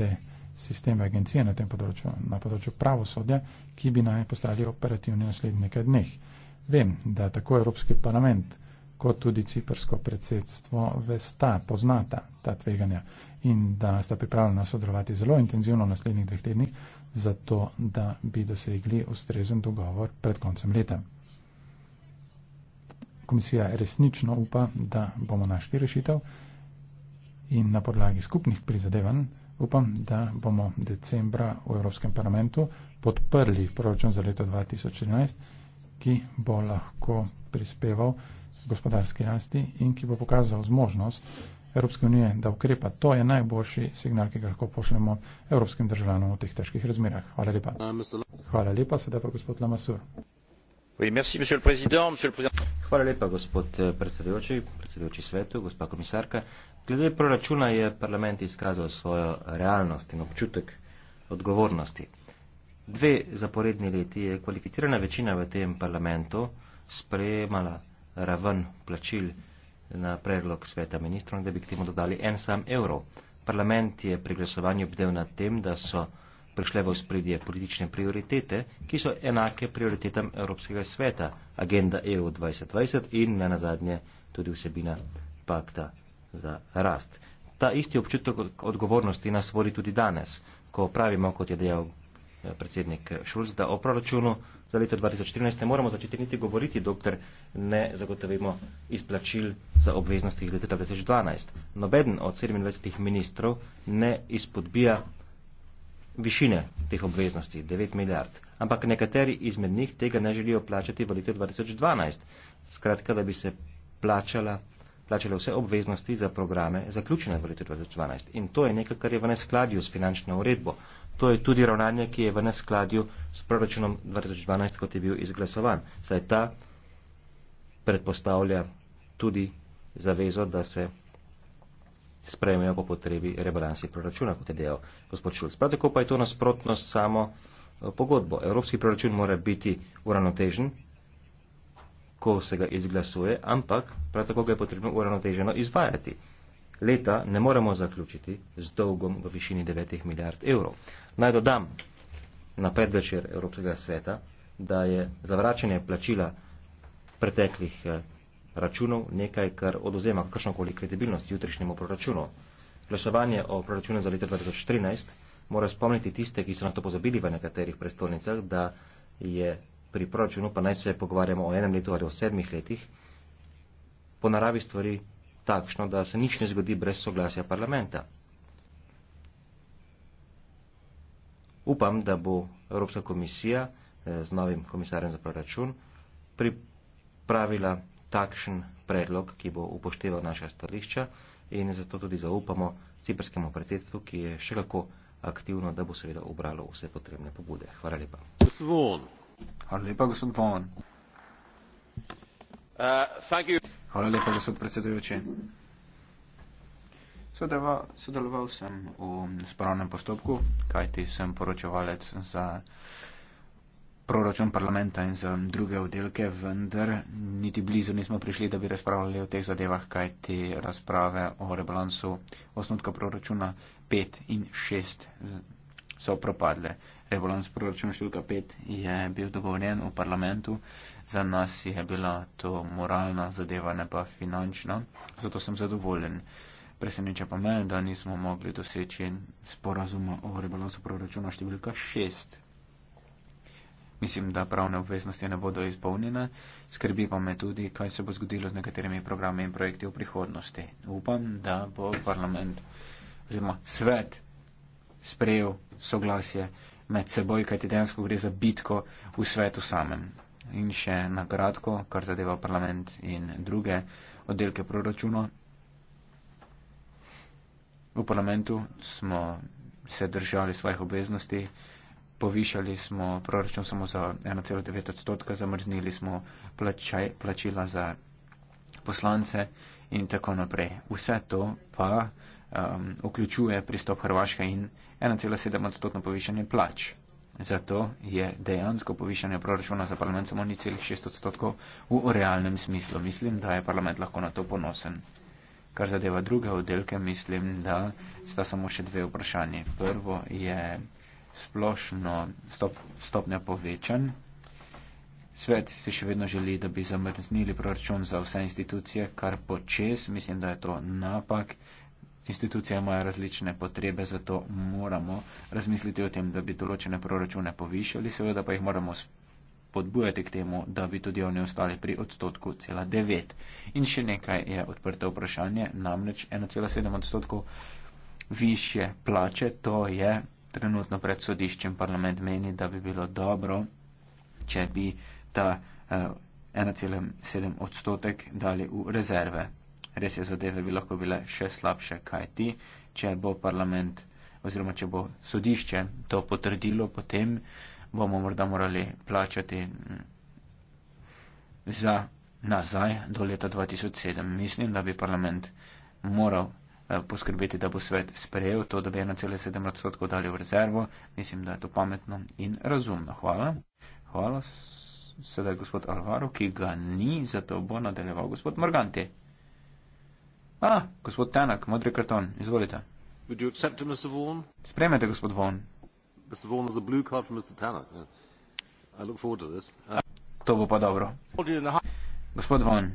sisteme agencije na tem področju, na področju pravosodja, ki bi naj postali operativni naslednje nekaj dneh. Vem, da tako Evropski parlament kot tudi ciprsko predsedstvo vesta, poznata ta tveganja in da sta pripravljena sodelovati zelo intenzivno v naslednjih dveh tednih, zato da bi dosegli ustrezen dogovor pred koncem leta. Komisija resnično upa, da bomo našli rešitev in na podlagi skupnih prizadevanj upam, da bomo decembra v Evropskem parlamentu podprli proračun za leto 2013, ki bo lahko prispeval gospodarski rasti in ki bo pokazal zmožnost Evropske unije, da ukrepa. To je najboljši signal, ki ga lahko pošljemo evropskim državljanom v teh težkih razmerah. Hvala lepa. Ah, Hvala lepa, sedaj pa gospod Lamasur. Hvala lepa, gospod eh, predsedujoči, predsedujoči svetu, gospa komisarka. Glede proračuna je parlament izkazal svojo realnost in občutek odgovornosti. Dve zaporedni leti je kvalificirana večina v tem parlamentu sprejemala raven plačil na predlog sveta ministrov, da bi k temu dodali en sam evro. Parlament je pri glasovanju obdel nad tem, da so prišle v spredje politične prioritete, ki so enake prioritetam Evropskega sveta, agenda EU 2020 in na nazadnje tudi vsebina pakta za rast. Ta isti občutek odgovornosti nas vodi tudi danes, ko pravimo, kot je dejal Eh, predsednik Šulc, da o proračunu za leto 2014 ne moramo začeti niti govoriti, dokler ne zagotovimo izplačil za obveznosti iz leta 2012. Nobeden od 27 ministrov ne izpodbija višine teh obveznosti, 9 milijard. Ampak nekateri izmed njih tega ne želijo plačati v letu 2012. Skratka, da bi se plačala, plačale vse obveznosti za programe zaključene v letu 2012. In to je nekaj, kar je v neskladju s finančno uredbo. To je tudi ravnanje, ki je v neskladju s proračunom 2012, kot je bil izglasovan. Saj ta predpostavlja tudi zavezo, da se sprejmejo po potrebi rebalansi proračuna, kot je dejal gospod Šulc. Prav tako pa je to nasprotnost samo eh, pogodbo. Evropski proračun mora biti uravnotežen, ko se ga izglasuje, ampak prav tako ga je potrebno uravnoteženo izvajati leta ne moremo zaključiti z dolgom v višini 9 milijard evrov. Naj dodam na predvečer Evropskega sveta, da je zavračanje plačila preteklih eh, računov nekaj, kar odozema kakršnokoli kredibilnost jutrišnjemu proračunu. Glasovanje o proračunu za leto 2014 mora spomniti tiste, ki so na to pozabili v nekaterih prestolnicah, da je pri proračunu, pa naj se pogovarjamo o enem letu ali o sedmih letih, po naravi stvari takšno, da se nič ne zgodi brez soglasja parlamenta. Upam, da bo Evropska komisija eh, z novim komisarjem za proračun pripravila takšen predlog, ki bo upošteval naša stališča in zato tudi zaupamo ciperskemu predsedstvu, ki je še kako aktivno, da bo seveda obralo vse potrebne pobude. Hvala lepa. Hvala lepa, gospod Fon. Uh, Hvala lepa, gospod predsedujoči. Sodeloval, sodeloval sem v spravnem postopku, kajti sem poročevalec za proračun parlamenta in za druge oddelke, vendar niti blizu nismo prišli, da bi razpravljali o teh zadevah, kajti razprave o rebalansu osnutka proračuna 5 in 6 so propadle. Rebalans proračuna številka 5 je bil dogovorjen v parlamentu, za nas je bila to moralna zadeva, ne pa finančna, zato sem zadovoljen. Preseneča pa me, da nismo mogli doseči sporazuma o rebalansu proračuna številka 6. Mislim, da pravne obveznosti ne bodo izpolnjene. Skrbi pa me tudi, kaj se bo zgodilo z nekaterimi programi in projekti v prihodnosti. Upam, da bo parlament oziroma svet sprejel soglasje med seboj, kajti dejansko gre za bitko v svetu samem. In še na kratko, kar zadeva parlament in druge oddelke proračuna. V parlamentu smo se držali svojih obveznosti, povišali smo proračun samo za 1,9 odstotka, zamrznili smo plačaj, plačila za poslance in tako naprej. Vse to pa um, vključuje pristop Hrvaške in 1,7 odstotno povišanje plač. Zato je dejansko povišanje proračuna za parlament samo 0,6 odstotkov v realnem smislu. Mislim, da je parlament lahko na to ponosen. Kar zadeva druge oddelke, mislim, da sta samo še dve vprašanje. Prvo je splošno stop, stopnja povečan. Svet se še vedno želi, da bi zamrznili proračun za vse institucije, kar počes, mislim, da je to napak, institucije imajo različne potrebe, zato moramo razmisliti o tem, da bi določene proračune povišali, seveda pa jih moramo podbujati k temu, da bi tudi oni ostali pri odstotku cela devet. In še nekaj je odprto vprašanje, namreč 1,7 odstotkov više plače, to je trenutno pred sodiščem parlament meni, da bi bilo dobro, če bi ta 1,7 eh, odstotek dali v rezerve res je zadeve bi lahko bile še slabše, kaj ti, če bo parlament oziroma če bo sodišče to potrdilo, potem bomo morda morali plačati mm, za nazaj do leta 2007. Mislim, da bi parlament moral eh, poskrbeti, da bo svet sprejel to, da bi 1,7 odstotkov dali v rezervo. Mislim, da je to pametno in razumno. Hvala. Hvala sedaj gospod Alvaro, ki ga ni, zato bo nadaljeval gospod Morganti. A, ah, gospod Tanak, modri karton, izvolite. Sprejmete, gospod Vaughn. Uh, to bo pa dobro. Gospod Vaughn,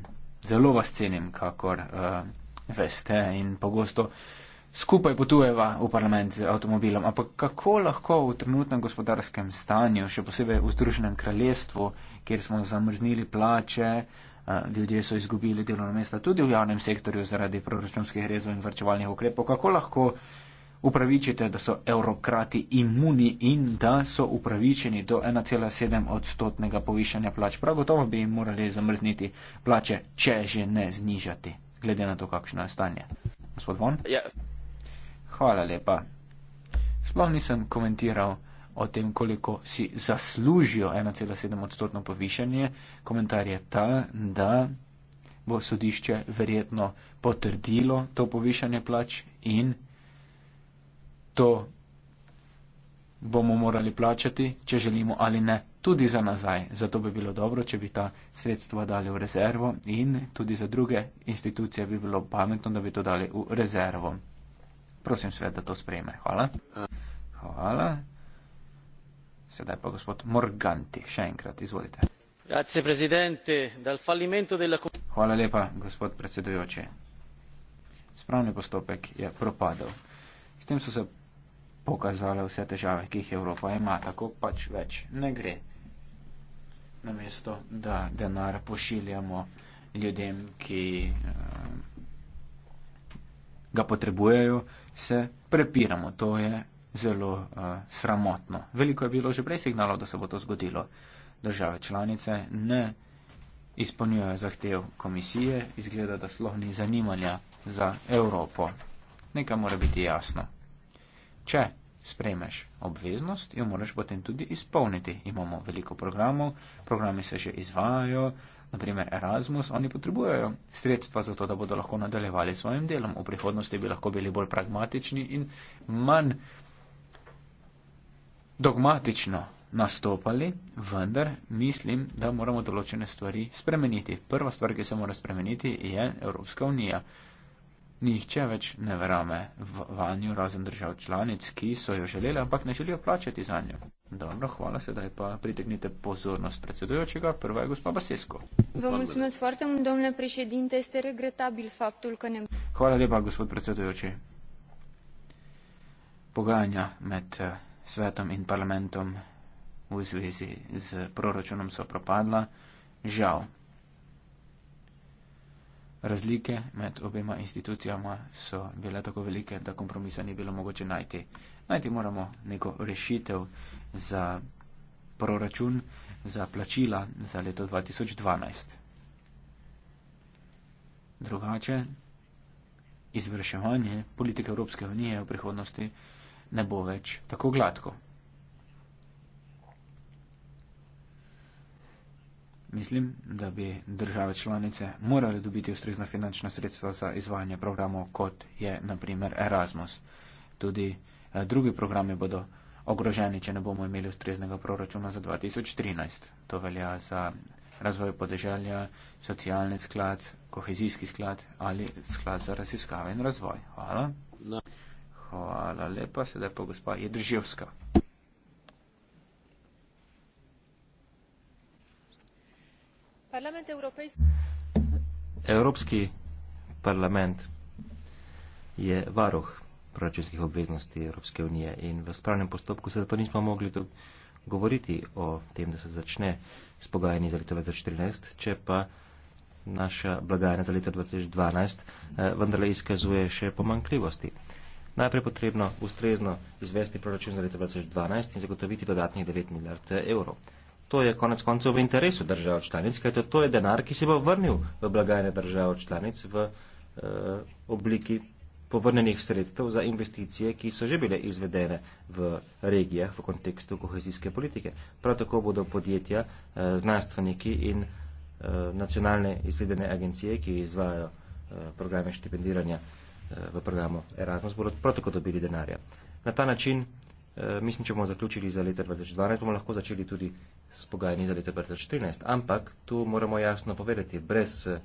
zelo vas cenim, kakor uh, veste in pogosto skupaj potujeva v parlament z avtomobilom, ampak kako lahko v trenutnem gospodarskem stanju, še posebej v Združenem kraljestvu, kjer smo zamrznili plače, uh, ljudje so izgubili delovna mesta tudi v javnem sektorju zaradi proračunskih rezov in vrčevalnih ukrepov. Kako lahko upravičite, da so evrokrati imuni in da so upravičeni do 1,7 odstotnega povišanja plač? Prav gotovo bi jim morali zamrzniti plače, če že ne znižati, glede na to, kakšno je stanje. Gospod Von? Ja. Hvala lepa. Sploh nisem komentiral o tem, koliko si zaslužijo 1,7 odstotno povišanje. Komentar je ta, da bo sodišče verjetno potrdilo to povišanje plač in to bomo morali plačati, če želimo ali ne, tudi za nazaj. Zato bi bilo dobro, če bi ta sredstva dali v rezervo in tudi za druge institucije bi bilo pametno, da bi to dali v rezervo. Prosim svet, da to sprejme. Hvala. Eh. Hvala. Sedaj pa gospod Morganti, še enkrat izvolite. Hvala lepa, gospod predsedujoči. Spravni postopek je propadel. S tem so se pokazale vse težave, ki jih Evropa ima, tako pač več ne gre. Namesto, da denar pošiljamo ljudem, ki eh, ga potrebujejo, se prepiramo. To je zelo uh, sramotno. Veliko je bilo že prej signalov, da se bo to zgodilo. Države članice ne izpolnjujejo zahtev komisije, izgleda, da sloh ni zanimanja za Evropo. Nekaj mora biti jasno. Če spremeš obveznost, jo moraš potem tudi izpolniti. Imamo veliko programov, programi se že izvajajo, naprimer Erasmus, oni potrebujejo sredstva za to, da bodo lahko nadaljevali svojim delom. V prihodnosti bi lahko bili bolj pragmatični in manj dogmatično nastopali, vendar mislim, da moramo določene stvari spremeniti. Prva stvar, ki se mora spremeniti, je Evropska unija. Nihče več ne verame v vanjo razen držav članic, ki so jo želeli, ampak ne želijo plačati za njo. Dobro, hvala se, da je pa pritegnite pozornost predsedujočega. Prva je gospa Basesko. Hvala lepa, gospod predsedujoči. Pogajanja med eh, svetom in parlamentom v zvezi z proračunom so propadla, žal. Razlike med obema institucijama so bile tako velike, da kompromisa ni bilo mogoče najti. Najti moramo neko rešitev za proračun, za plačila za leto 2012. Drugače, izvrševanje politike Evropske unije v prihodnosti ne bo več tako gladko. Mislim, da bi države članice morale dobiti ustrezna finančna sredstva za izvajanje programov, kot je naprimer Erasmus. Tudi eh, drugi programi bodo ogroženi, če ne bomo imeli ustreznega proračuna za 2013. To velja za razvoj podeželja, socialni sklad, kohezijski sklad ali sklad za raziskave in razvoj. Hvala. No. Hvala lepa, sedaj pa gospa Jedrživska. Parlament Evropejski. Evropski parlament je varoh proračunskih obveznosti Evropske unije in v spravnem postopku se zato nismo mogli govoriti o tem, da se začne s pogajanji za leto 2014, če pa naša blagajna za leto 2012 eh, vendarle izkazuje še pomankljivosti najprej potrebno ustrezno izvesti proračun za leto 2012 in zagotoviti dodatnih 9 milijard eh, evrov. To je konec koncev v interesu držav članic, kajte to je denar, ki se bo vrnil v blagajne držav članic v eh, obliki povrnenih sredstev za investicije, ki so že bile izvedene v regijah v kontekstu kohezijske politike. Prav tako bodo podjetja, eh, znanstveniki in eh, nacionalne izvedene agencije, ki izvajajo eh, programe štipendiranja Eh, v programu Erasmus bodo prav tako dobili denarja. Na ta način, eh, mislim, če bomo zaključili za leto 2012, bomo lahko začeli tudi s pogajanji za leto 2013. Ampak tu moramo jasno povedati, brez eh,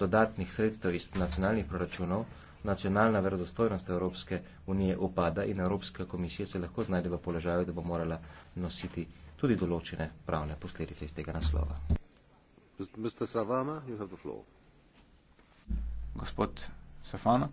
dodatnih sredstev iz nacionalnih proračunov, nacionalna verodostojnost Evropske unije opada in Evropska komisija se lahko znajde v položaju, da bo morala nositi tudi določene pravne posledice iz tega naslova. Mr. Savana, you have the floor. Gospod Safana.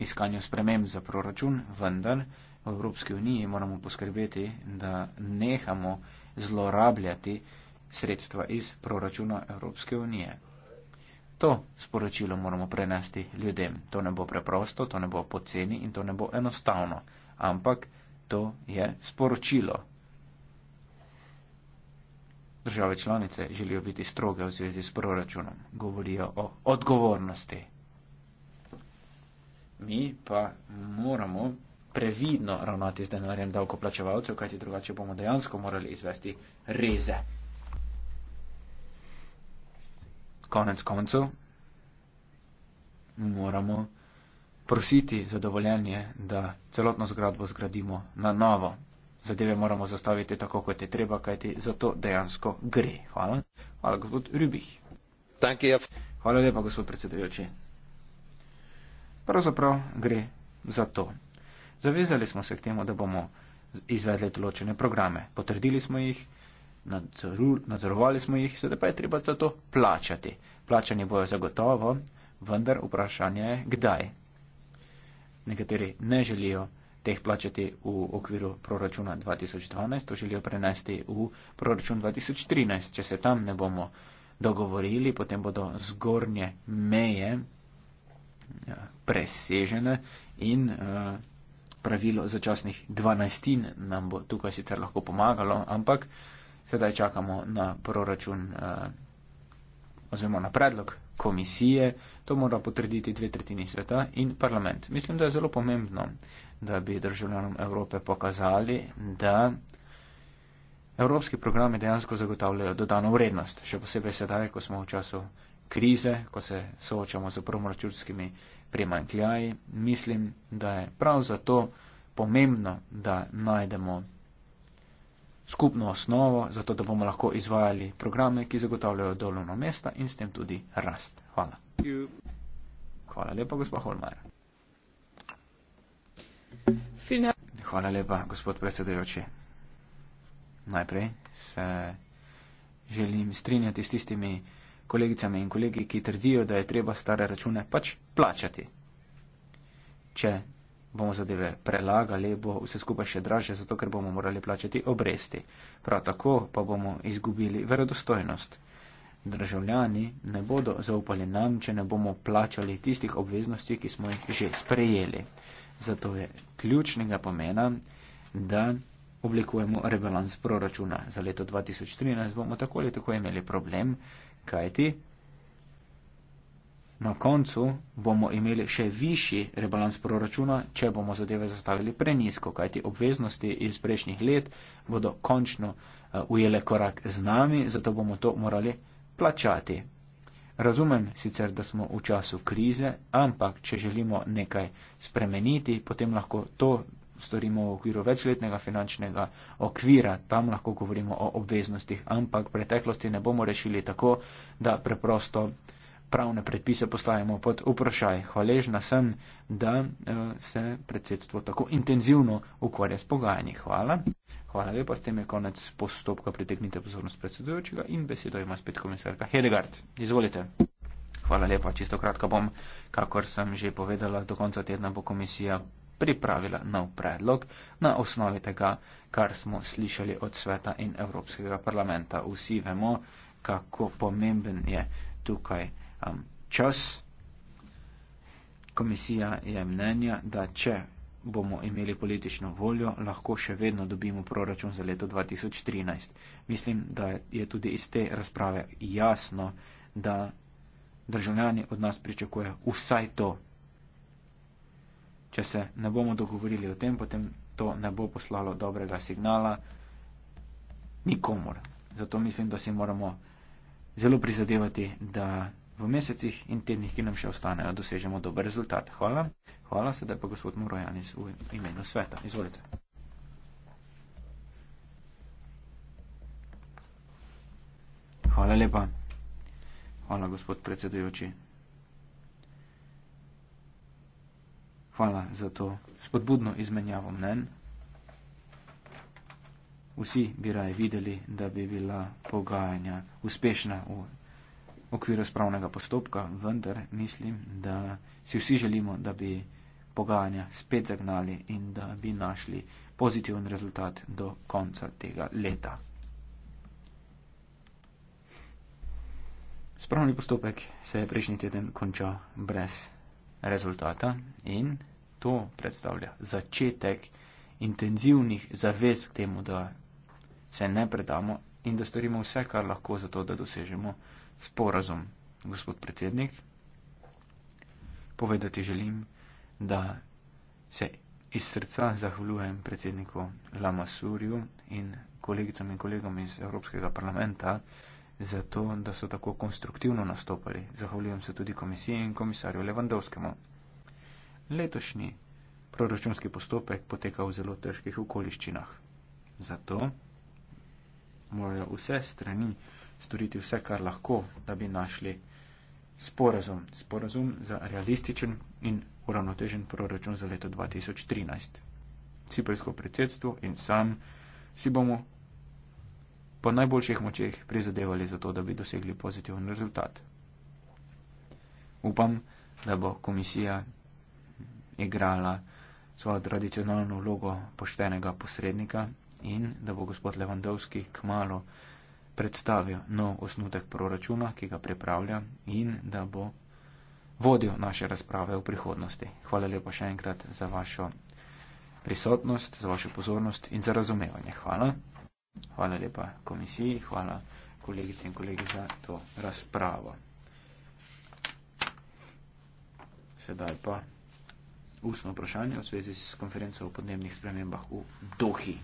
iskanju sprememb za proračun, vendar v Evropski uniji moramo poskrbeti, da nehamo zlorabljati sredstva iz proračuna Evropske unije. To sporočilo moramo prenesti ljudem. To ne bo preprosto, to ne bo poceni in to ne bo enostavno, ampak to je sporočilo. Države članice želijo biti stroge v zvezi s proračunom, govorijo o odgovornosti mi pa moramo previdno ravnati z denarjem davkoplačevalcev, kajti drugače bomo dejansko morali izvesti reze. Konec koncev moramo prositi za dovoljenje, da celotno zgradbo zgradimo na novo. Zadeve moramo zastaviti tako, kot je treba, kajti za to dejansko gre. Hvala. Hvala, gospod Rubih. Ja. Hvala lepa, gospod predsedujoči pravzaprav gre za to. Zavezali smo se k temu, da bomo izvedli določene programe. Potrdili smo jih, nadzorovali smo jih, sedaj pa je treba za to plačati. Plačanje bojo zagotovo, vendar vprašanje je, kdaj. Nekateri ne želijo teh plačati v okviru proračuna 2012, to želijo prenesti v proračun 2013. Če se tam ne bomo dogovorili, potem bodo zgornje meje Eh, presežene in eh, pravilo začasnih dvanajstin nam bo tukaj sicer lahko pomagalo, ampak sedaj čakamo na proračun eh, oziroma na predlog komisije, to mora potrditi dve tretjini sveta in parlament. Mislim, da je zelo pomembno, da bi državljanom Evrope pokazali, da evropski programi dejansko zagotavljajo dodano vrednost, še posebej sedaj, ko smo v času krize, ko se soočamo z proračunskimi primankljaji, mislim, da je prav zato pomembno, da najdemo skupno osnovo, zato da bomo lahko izvajali programe, ki zagotavljajo dolovno mesta in s tem tudi rast. Hvala. Hvala lepa, gospod Holmar. Hvala lepa, gospod predsedujoči. Najprej se želim strinjati s tistimi, kolegicami in kolegi, ki trdijo, da je treba stare račune pač plačati. Če bomo zadeve prelagali, bo vse skupaj še draže, zato ker bomo morali plačati obresti. Prav tako pa bomo izgubili verodostojnost. Državljani ne bodo zaupali nam, če ne bomo plačali tistih obveznosti, ki smo jih že sprejeli. Zato je ključnega pomena, da oblikujemo rebalans proračuna. Za leto 2013 bomo tako ali tako imeli problem, kajti na koncu bomo imeli še višji rebalans proračuna, če bomo zadeve zastavili prenisko, kajti obveznosti iz prejšnjih let bodo končno uh, ujele korak z nami, zato bomo to morali plačati. Razumem sicer, da smo v času krize, ampak če želimo nekaj spremeniti, potem lahko to storimo v okviru večletnega finančnega okvira, tam lahko govorimo o obveznostih, ampak preteklosti ne bomo rešili tako, da preprosto pravne predpise postavimo pod vprašaj. Hvaležna sem, da eh, se predsedstvo tako intenzivno ukvarja s pogajanji. Hvala. Hvala lepa, s tem je konec postopka. Priteknite pozornost predsedujočega in besedo ima spet komisarka Hedegard. Izvolite. Hvala lepa, čisto kratka bom, kakor sem že povedala, do konca tedna bo komisija pripravila nov predlog na osnovi tega, kar smo slišali od sveta in Evropskega parlamenta. Vsi vemo, kako pomemben je tukaj um, čas. Komisija je mnenja, da če bomo imeli politično voljo, lahko še vedno dobimo proračun za leto 2013. Mislim, da je tudi iz te razprave jasno, da državljani od nas pričakujejo vsaj to če se ne bomo dogovorili o tem, potem to ne bo poslalo dobrega signala nikomor. Zato mislim, da si moramo zelo prizadevati, da v mesecih in tednih, ki nam še ostanejo, dosežemo dober rezultat. Hvala. Hvala, sedaj pa gospod Morojanis v imenu sveta. Izvolite. Hvala lepa. Hvala, gospod predsedujoči, Hvala za to spodbudno izmenjavo mnenj. Vsi bi raje videli, da bi bila pogajanja uspešna v okviru spravnega postopka, vendar mislim, da si vsi želimo, da bi pogajanja spet zagnali in da bi našli pozitiven rezultat do konca tega leta. Spravni postopek se je prejšnji teden končal brez rezultata in to predstavlja začetek intenzivnih zavez k temu, da se ne predamo in da storimo vse, kar lahko za to, da dosežemo sporazum. Gospod predsednik, povedati želim, da se iz srca zahvaljujem predsedniku Lamasurju in kolegicam in kolegom iz Evropskega parlamenta, za to, da so tako konstruktivno nastopali. Zahvaljujem se tudi komisiji in komisarju Levandovskemu. Letošnji proračunski postopek poteka v zelo težkih okoliščinah. Zato morajo vse strani storiti vse, kar lahko, da bi našli sporazum. Sporazum za realističen in uravnotežen proračun za leto 2013. Cipersko predsedstvo in sam si bomo po najboljših močeh prizadevali za to, da bi dosegli pozitiven rezultat. Upam, da bo komisija igrala svojo tradicionalno vlogo poštenega posrednika in da bo gospod Levandovski kmalo predstavil nov osnutek proračuna, ki ga pripravlja in da bo vodil naše razprave v prihodnosti. Hvala lepa še enkrat za vašo prisotnost, za vašo pozornost in za razumevanje. Hvala. Hvala lepa komisiji, hvala kolegice in kolegi za to razpravo. Sedaj pa ustno vprašanje v zvezi s konferenco o podnebnih spremembah v Dohi.